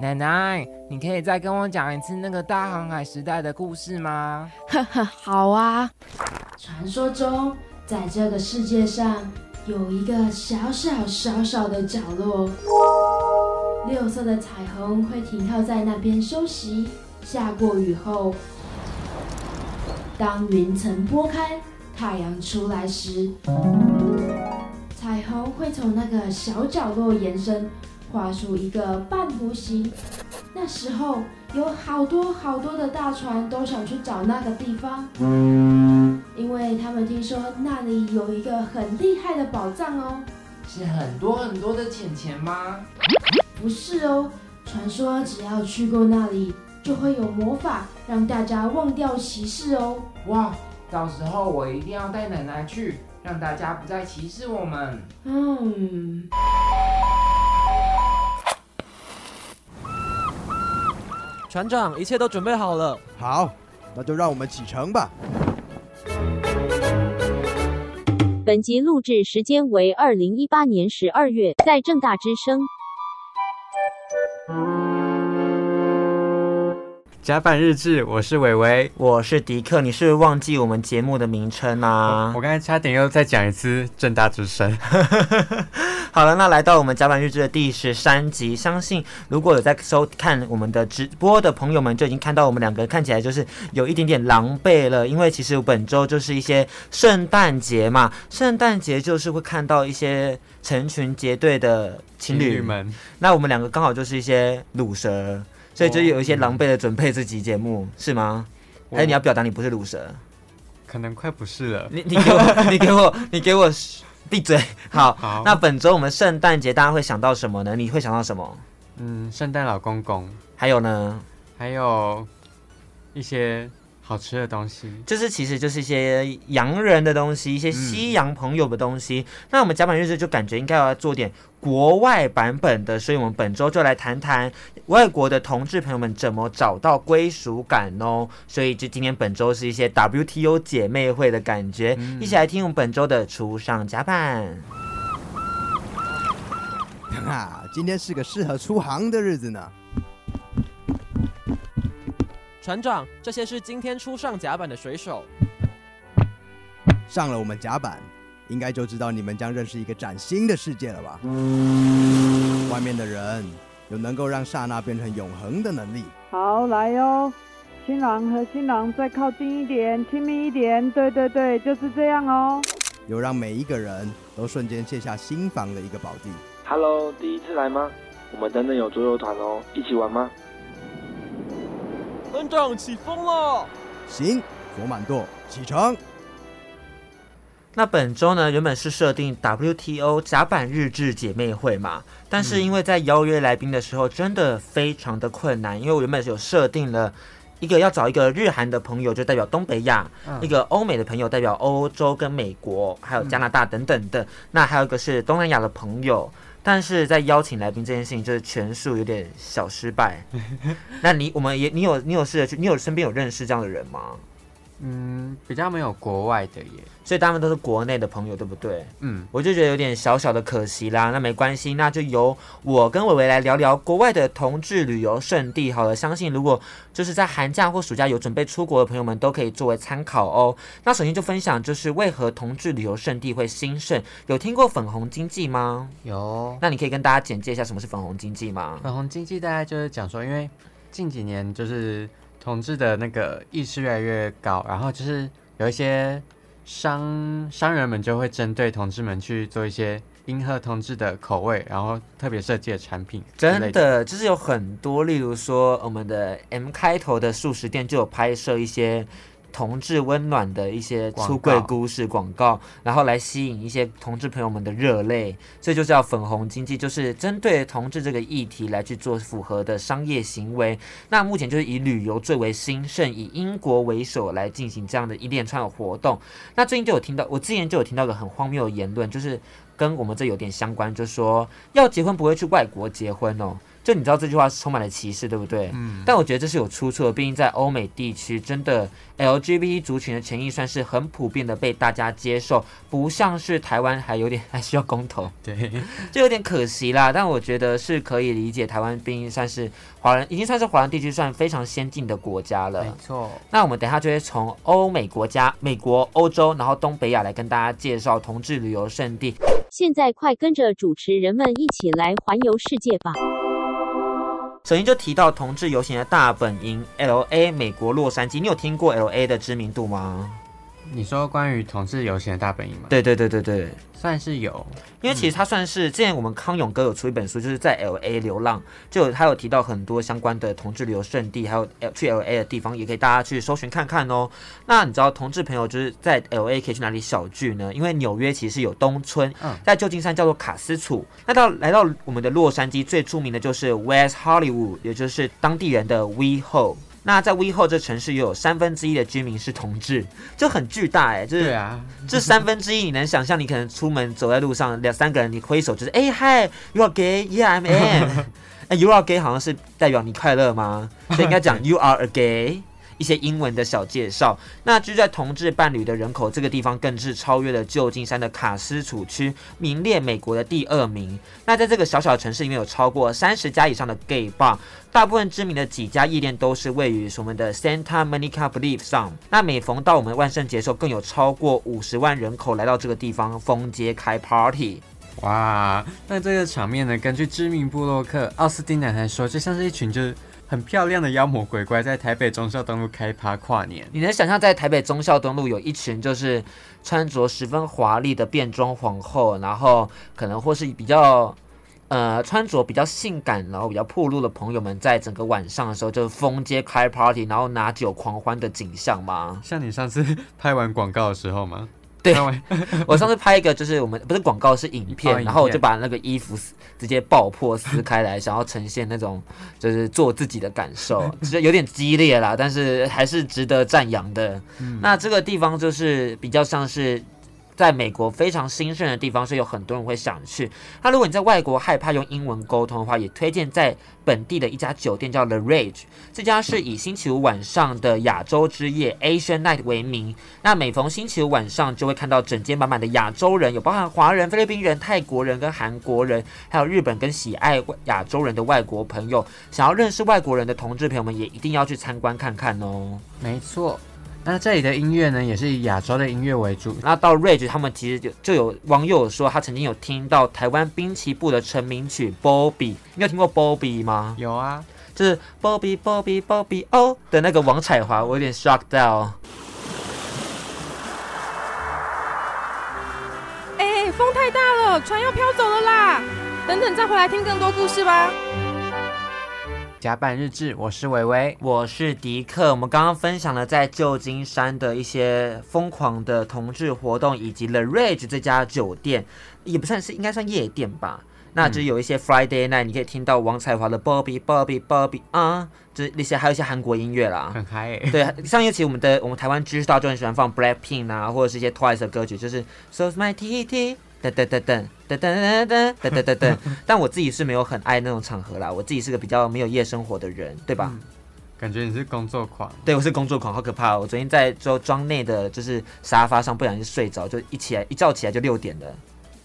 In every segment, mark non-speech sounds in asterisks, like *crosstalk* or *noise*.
奶奶，你可以再跟我講一次那個大航海時代的故事嗎？哈哈，好啊，傳說中在這個世界上有一個小小小小的角落，六色的彩虹會停靠在那邊休息。下過雨後，當雲層撥開，太陽出來時，彩虹會從那個小角落延伸。畫出一個半弧形。那時候有好多好多的大船都想去找那個地方，嗯，因為他們聽說那裡有一個很厲害的寶藏哦，是很多很多的錢錢嗎？不是哦，傳說只要去過那裡，就會有魔法讓大家忘掉歧視哦。哇，到時候我一定要帶奶奶去，讓大家不再歧視我們。嗯。船長，一切都準備好了。好，那就讓我們啟程吧。本集錄制時間為二零一八年十二月，在政大之聲。甲板日誌，我是偉偉，我是迪克，你是不是忘記我們節目的名稱啊？我，我剛才差點又再講一次政大之聲。 *laughs* 好了，那來到我們甲板日誌的第十三集，相信如果有在收看我們的直播的朋友們，就已經看到我們兩個看起來就是有一點點狼狽了，因為其實本周就是一些聖誕節嘛，聖誕節就是會看到一些成群結隊的情侶，情侶們，那我們兩個剛好就是一些魯蛇。所以就有一些狼狽的準備這集節目、嗯、是嗎？還是你要表達你不是魯蛇？可能快不是了。你你給我你給我你給我閉嘴好！好，那本周我們聖誕節大家會想到什麼呢？你會想到什麼？嗯，聖誕老公公，還有呢？還有一些好吃的東西。就是其實就是一些洋人的東西，一些西洋朋友的東西。嗯、那我們甲板日志就感覺應該要做點。國外版本的，所以我們本周就來談談外國的同志朋友們怎麼找到歸屬感哦。所以，就今天本周是一些 WTO 姐妹會的感覺、嗯，一起來聽我們本周的初上甲板。啊，今天是個適合出航的日子呢。船長，這些是今天初上甲板的水手，上了我們甲板。應該就知道你們將認識一個嶄新的世界了吧？嗯。外面的人有能夠讓剎那變成永恆的能力。好來哦，新郎和新郎再靠近一點，親密一點。對對對，就是這樣哦。有讓每一個人都瞬間卸下心防的一個寶地。Hello，第一次來嗎？我們等等有桌遊團哦，一起玩嗎？風浪，起風了。行，左滿舵，啟程。那本周呢，原本是設定 WTO 甲板日志姐妹會嘛，但是因為在邀約來賓的時候，真的非常的困難，嗯、因為我原本是有設定了一個要找一個日韓的朋友，就代表東北亞、嗯；一個歐美的朋友代表歐洲跟美國，還有加拿大等等的。嗯、那還有一個是東南亞的朋友，但是在邀請來賓這件事情，就是全數有點小失敗。 *laughs* 那你我們也你有你有試着去，你有身邊有認識這樣的人嗎？嗯，比較沒有國外的耶，所以他們都是國內的朋友，對不對？嗯，我就覺得有點小小的可惜啦。那沒關係，那就由我跟偉偉來聊聊國外的同志旅遊勝地好了。相信如果就是在寒假或暑假有準備出國的朋友們，都可以作為參考哦。那首先就分享就是為何同志旅遊勝地會興盛？有聽過粉紅經濟嗎？有。那你可以跟大家簡介一下什麼是粉紅經濟嗎？粉紅經濟大概就是講說，因為近幾年就是。同志的那個意識越來越高，然後就是有一些商商人們就會針對同志們去做一些迎合同志的口味，然後特別設計的產品的。真的就是有很多，例如說我們的 M 開頭的速食店就有拍攝一些。同志溫暖的一些出櫃故事廣告，然後來吸引一些同志朋友們的熱淚，這就叫粉紅經濟，就是針對同志這個議題來去做符合的商業行為。那目前就是以旅遊最為興盛，以英國為首來進行這樣的一連串的活動。那最近就有聽到，我之前就有聽到一個很荒謬的言論，就是跟我們這有點相關，就是說要結婚不會去外國結婚哦。就你知道這句話是充滿了歧視，對不對？嗯。但我覺得這是有出處的，畢竟在歐美地區，真的 LGBT 族群的權益算是很普遍的被大家接受，不像是台灣還有點還需要公投。對，就有點可惜啦。但我覺得是可以理解，台灣畢竟算是華人，已經算是華人地區算非常先進的國家了。沒錯。那我們等一下就會從歐美國家、美國、歐洲，然後東北亞來跟大家介紹同志旅遊勝地。現在快跟着主持人們一起來環遊世界吧！首先就提到同志遊行的大本營 LA 美國洛杉磯，你有聽過 LA 的知名度嗎？你說關於同志遊行的大本營嗎？對對對對對，算是有，因為其實他算是、嗯、之前我們康永哥有出一本書，就是在 L A 流浪，就有他有提到很多相關的同志旅遊勝地，還有去 L A 的地方，也可以大家去搜尋看看哦。那你知道同志朋友就是在 L A 可以去哪裡小聚呢？因為紐約其實有東村，在舊金山叫做卡斯楚，嗯、那到來到我們的洛杉磯，最著名的就是 West Hollywood，也就是當地人的 WeHo。那在 WeHo 這城市，有三分之一的居民是同志，就很巨大哎、欸，就是、啊、這三分之一，你能想象你可能出門走在路上兩三個人，你揮手就是哎嗨、欸、，you are gay，yeah, I'm in，哎、 *laughs* 欸、you are gay 好像是代表你快樂嗎？所以應該講 *laughs* you are a gay。一些英文的小介紹。那居住在同志伴侶的人口這個地方，更是超越了舊金山的卡斯楚區，名列美國的第二名。那在這個小小城市裡面有超過三十家以上的 gay bar，大部分知名的幾家夜店都是位於我們的 Santa Monica Boulevard 上。那每逢到我們萬聖節時候，更有超過五十萬人口來到這個地方封街開 party。哇！那這個場面呢，根據知名部落客奧斯汀奶奶說，就像是一群就是。很漂亮的妖魔鬼怪在台北忠孝敦化開趴跨年，你能想象在台北忠孝敦化，有一群就是穿着十分華麗的變裝皇後，然後可能或是比較呃穿着比較性感，然後比較暴露的朋友們，在整個晚上的時候就是封街開 party，然後拿酒狂歡的景象嗎？像你上次拍完廣告的時候嗎？對，我上次拍一個，就是我們不是廣告是影片，然後我就把那個衣服直接爆破撕開來，哦、想要呈現那種就是做自己的感受，其實有點激烈啦，但是還是值得讚揚的。嗯、那這個地方就是比較像是。在美國非常興盛的地方，是有很多人會想去。那如果你在外國害怕用英文溝通的話，也推薦在本地的一家酒店叫 The Rage，這家是以星期五晚上的亞洲之夜 Asian Night 為名。那每逢星期五晚上，就會看到整間滿滿的亞洲人，有包含華人、菲律賓人、泰國人跟韓國人，還有日本跟喜愛亞洲人的外國朋友。想要認識外國人的同志朋友們，也一定要去參觀看看哦。沒錯。那這裡的音樂呢，也是以亞洲的音樂為主。那到 Rage，他們其實就就有網友說，他曾經有聽到台灣濱崎步的成名曲保庇。你有聽過保庇嗎？有啊，就是保庇保庇保庇、oh! 的那個王彩樺，我有點 shocked down。哎、欸，風太大了，船要飄走了啦！等等，再回來聽更多故事吧。甲板日誌，我是偉偉，我是迪克。我們剛剛分享了在舊金山的一些瘋狂的同志活動，以及 La Rage 這家酒店，也不算是，應該算夜店吧。那就有一些 Friday night，你可以聽到王彩樺的 Bobby Bobby Bobby 啊，這那些還有一些韓國音樂啦，很嗨。對，上一期我們的我們台灣知識大眾就很喜歡放 Blackpink 啊，或者是一些 Twice 的歌曲，就是 So My T T。噔噔噔噔噔噔噔噔噔噔，但我自己是沒有很愛那種場合啦， *laughs* 我自己是個比較沒有夜生活的人，對吧？嗯，感覺你是工作狂，對，我是工作狂，好可怕、喔！我昨天在裝莊內的就是沙發上，不小心睡着，就一起來一覺起來就六點了。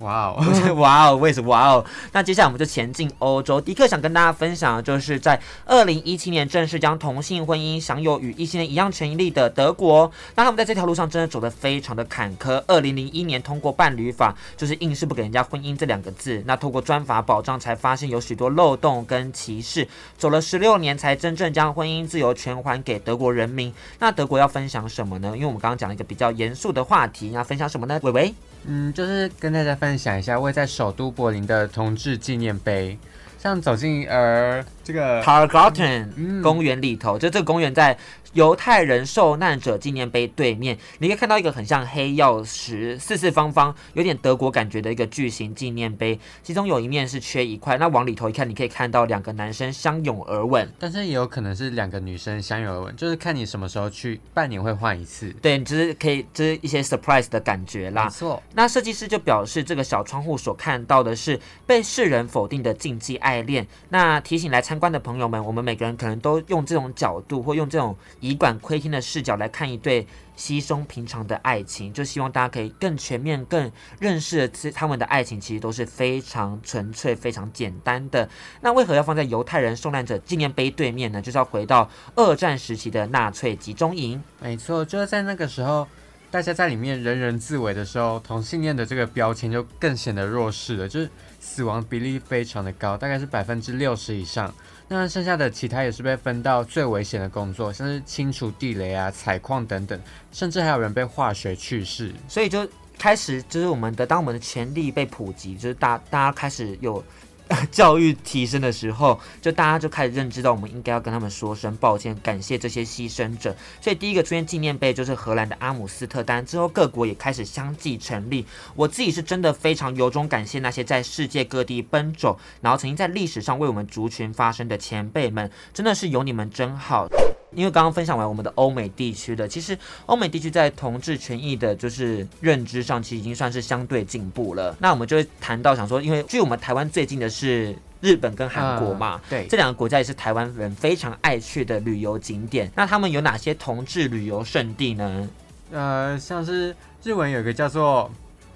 哇哦， *laughs* 哇哦，為什麼哇哦？那接下來我們就前進歐洲。迪克想跟大家分享的就是在二零一七年正式將同性婚姻享有與異性一樣權利的德國。那他們在這條路上真的走得非常的坎坷。二零零一年通過伴侶法，就是硬是不給人家婚姻這兩個字。那透過專法保障，才發現有許多漏洞跟歧視。走了十六年，才真正將婚姻自由全還給德國人民。那德國要分享什麼呢？因為我們剛剛講了一個比較嚴肅的話題，要分享什麼呢？偉偉，嗯，就是跟大家分享。分享一下位在首都柏林的同志紀念碑，像走進而這個 Tiergarten、嗯、公園裡頭，就這個公園在猶太人受難者紀念碑對面，你可以看到一個很像黑曜石、四四方方、有點德國感覺的一個巨型紀念碑，其中有一面是缺一塊。那往裡頭一看，你可以看到兩個男生相擁而吻，但是也有可能是兩個女生相擁而吻，就是看你什麼時候去，半年會換一次。對，你就是可以，就是一些 surprise 的感覺啦。沒錯，那設計師就表示，這個小窗戶所看到的是被世人否定的禁忌愛戀，那提醒來參。觀的朋友們，我們每個人可能都用這種角度或用這種以管窺天的視角來看一對稀鬆平常的愛情，就希望大家可以更全面、更認識他們的愛情，其實都是非常純粹、非常簡單的。那為何要放在猶太人受難者紀念碑對面呢？就是要回到二戰時期的納粹集中營。沒錯，就是在那個時候，大家在裡面人人自危的時候，同性戀的這個標籤就更顯得弱勢了，就是。死亡比例非常的高，大概是百分之六十以上。那剩下的其他也是被分到最危險的工作，像是清除地雷啊、採礦等等，甚至還有人被化學去勢。所以就開始，就是我們的當我們的潛力被普及，就是大家大家開始有。教育提升的時候，就大家就開始認知到，我們應該要跟他們說聲抱歉，感謝這些犧牲者。所以第一個出現紀念碑就是荷蘭的阿姆斯特丹，之後各國也開始相繼成立。我自己是真的非常由衷感謝那些在世界各地奔走，然後曾經在歷史上為我們族群發聲的前輩們，真的是有你們真好。因為剛剛分享完我們的歐美地區的，其實歐美地區在同志權益的，就是認知上，其實已經算是相對進步了。那我們就會談到想說，因為距我們台灣最近的是日本跟韓國嘛、呃，對，這兩個國家也是台灣人非常愛去的旅遊景點。那他們有哪些同志旅遊勝地呢？呃，像是日文有一個叫做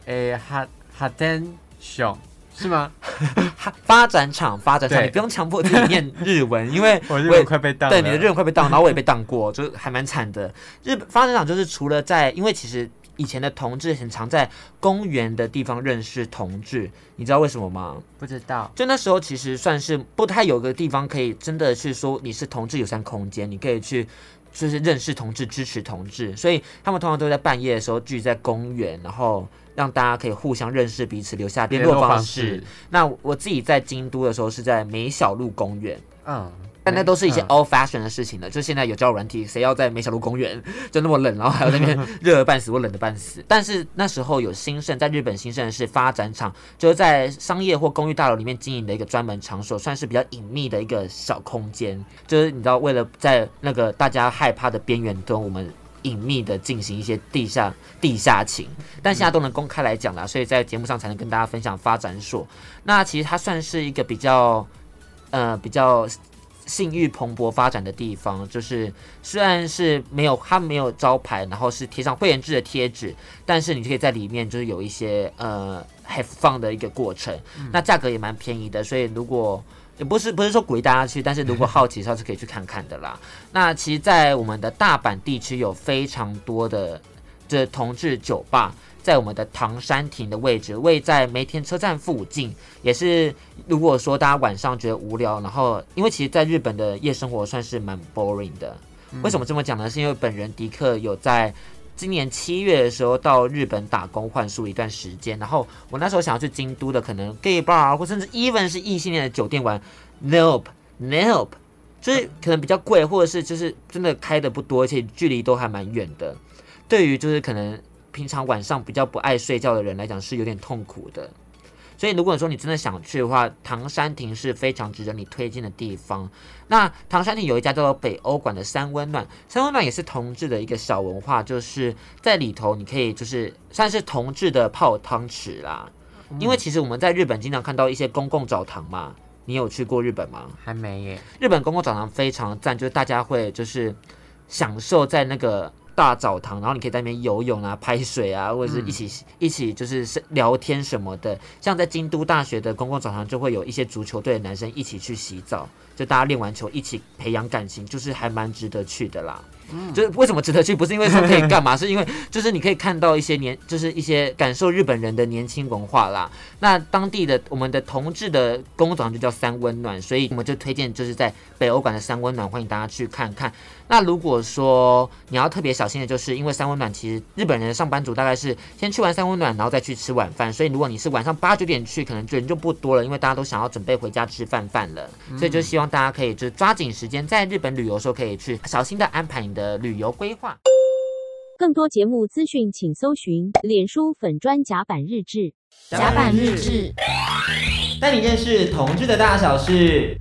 誒、欸，哈哈天熊。是嗎？ *laughs* 發展場發展場，你不用強迫你念日文， *laughs* 因為我，也我日文快被當。對，你的日文快被當，然後我也被當過， *laughs* 就還蠻慘的。日本發展場就是除了在，因為其實以前的同志很常在公園的地方認識同志，你知道為什麼嗎？不知道。就那時候其實算是不太有個地方可以真的是說你是同志友善空間，你可以去就是認識同志、支持同志，所以他們通常都在半夜的時候聚在公園，然後。讓大家可以互相認識彼此，留下聯絡方,方式。那我自己在京都的時候是在梅小路公園，嗯，但那都是一些 old fashion 的事情了。嗯、就現在有交友軟體，誰要在梅小路公園就那麼冷，然後還有那邊熱得半死 *laughs* 或冷得半死。但是那時候有興盛，在日本興盛的是發展場，就是在商業或公寓大樓裡面經營的一個專門場所，算是比較隱秘的一個小空間。就是你知道，為了在那個大家害怕的邊緣跟我們。隱秘的進行一些地下地下情，但現在都能公開來講了，嗯，所以在節目上才能跟大家分享發展所。那其實它算是一個比較呃比較性慾蓬勃發展的地方，就是雖然是沒有它沒有招牌，然後是貼上會員制的貼紙，但是你就可以在裡面就是有一些呃 have fun 的一個過程，嗯，那價格也蠻便宜的，所以如果也不是不是說鼓勵大家去，但是如果好奇的話是可以去看看的啦。 *laughs* 那其實，在我們的大阪地區有非常多的這、就是、同志酒吧，在我們的唐山亭的位置，位在梅田車站附近，也是如果說大家晚上覺得無聊，然後因為其實，在日本的夜生活算是蠻 boring 的、嗯。為什麼這麼講呢？是因為本人迪克有在。今年七月的時候到日本打工換宿一段時間，然後我那時候想要去京都的可能 gay bar 或甚至 even 是異性戀的酒店玩，nope nope，就是可能比較貴或者是就是真的開的不多，而且距離都還蠻遠的。對於就是可能平常晚上比較不愛睡覺的人來講是有點痛苦的。所以，如果說你真的想去的話，唐山亭是非常值得你推薦的地方。那唐山亭有一家叫做北歐館的三溫暖，三溫暖也是同志的一個小文化，就是在裡頭你可以就是算是同志的泡湯池啦。嗯。因為其實我們在日本經常看到一些公共澡堂嘛，你有去過日本嗎？還沒耶。日本公共澡堂非常讚，就是大家會就是享受在那個。大澡堂，然後你可以在那邊游泳啊、拍水啊，或者是一起、嗯、一起就是聊天什麼的。像在京都大學的公共澡堂，就會有一些足球隊的男生一起去洗澡，就大家練完球一起培養感情，就是還蠻值得去的啦。嗯，就是為什麼值得去，不是因為說可以幹嘛， *laughs* 是因為就是你可以看到一些年，就是一些感受日本人的年輕文化啦。那當地的我們的同志的公共澡堂就叫三溫暖，所以我們就推薦就是在北歐館的三溫暖，歡迎大家去看看。那如果說你要特別小心的就是，因為三溫暖其實日本人的上班族大概是先去完三溫暖，然後再去吃晚飯，所以如果你是晚上八九點去，可能就人就不多了，因為大家都想要準備回家吃飯飯了。所以就希望大家可以就抓緊時間，在日本旅遊時候可以去小心的安排你的旅遊規劃。更多節目資訊，請搜尋臉書粉專甲板日志。甲板日志帶你認識同志的大小事。